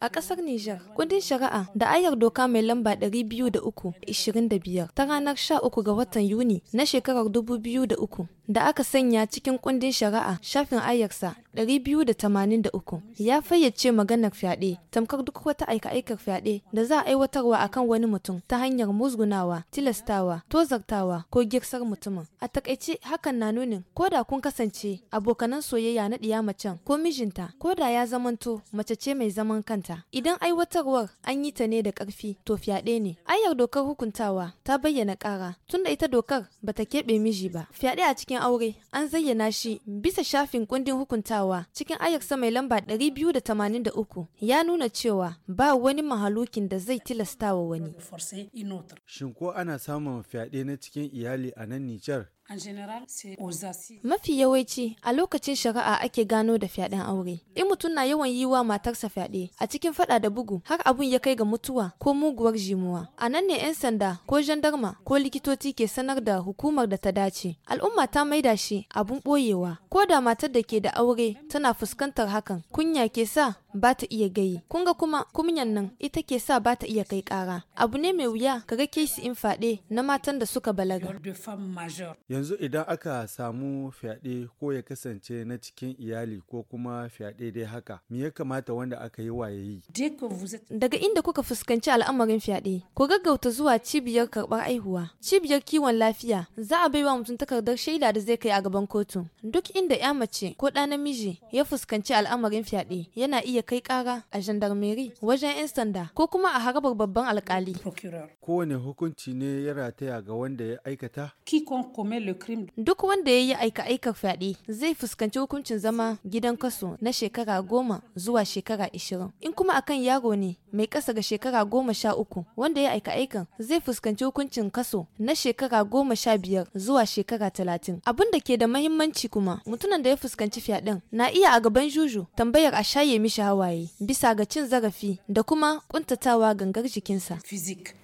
A ƙasar Nijar, kundin shari'a da ayar doka mai lamba 203 ta ranar 13 ga watan Yuni na shekarar 2003 da aka sanya cikin kundin shari'a shafin ayarsa 283 ya fayyace maganar fyaɗe tamkar duk wata aika-aikar fyaɗe da za a aiwatarwa akan wani mutum ta hanyar musgunawa, tilastawa, tozartawa ko girsar mutumin. A takaice hakan na nunin ko da kun kasance abokanan soyayya na ɗiya macen ko mijinta ko da ya zamanto mace ce mai zaman kanta. Idan aiwatarwar an yi ta ne da ƙarfi to fyaɗe ne. Ayar dokar hukuntawa ta bayyana ƙara tunda ita dokar bata keɓe miji ba. Fyaɗe a cikin aure an zayyana shi bisa shafin kundin hukuntawa karantawa cikin ayaksa mai lamba 283 ya nuna cewa ba wani mahalukin da zai tilastawa wani. Shin ko ana samun fyaɗe na cikin iyali a nan Nijar? Mafi yawanci a lokacin shari'a ake gano da fyaɗen aure. In mutum na yawan yi wa matarsa fyaɗe a cikin faɗa da bugu har abun ya kai ga mutuwa ko muguwar jimuwa. A nan ne 'yan sanda ko jandarma ko likitoci ke sanar da hukumar da ta dace. Al'umma ta maida shi abun ɓoyewa. Ko da matar da ke da aure tana fuskantar hakan kunya ke sa ba ta iya gayi kun ga kuma kunyan nan ita ke sa ba ta iya kai kara abu ne mai wuya Ka kaga kesi in fade na matan da suka balaga yanzu idan aka samu fyaɗe ko ya kasance na cikin iyali ko kuma fyaɗe dai haka me ya kamata wanda aka yi waye yi daga inda kuka fuskanci al'amarin fyaɗe ku gaggauta zuwa cibiyar karɓar aihuwa cibiyar kiwon lafiya za a baiwa mutum takardar shaida da zai kai a gaban kotu duk inda ya mace ko ɗa namiji ya fuskanci al'amarin fyaɗe yana iya iya kai kara a gendarmerie wajen 'yan sanda ko kuma a harabar babban alkali. Kowane hukunci ne ya rataya ga wanda ya aikata? Duk wanda ya yi aika aika fyaɗe zai fuskanci hukuncin zama gidan kaso na shekara goma zuwa shekara ishirin. In kuma akan yaro ne mai kasa ga shekara goma sha uku wanda ya aika-aikan zai fuskanci hukuncin kaso na shekara goma sha biyar zuwa shekara talatin. Abin da ke da mahimmanci kuma mutumin da ya fuskanci fyaɗen na iya a gaban juju tambayar a shaye mishi hawaye bisa ga cin zarafi da kuma ƙuntatawa gangar jikinsa. Physique.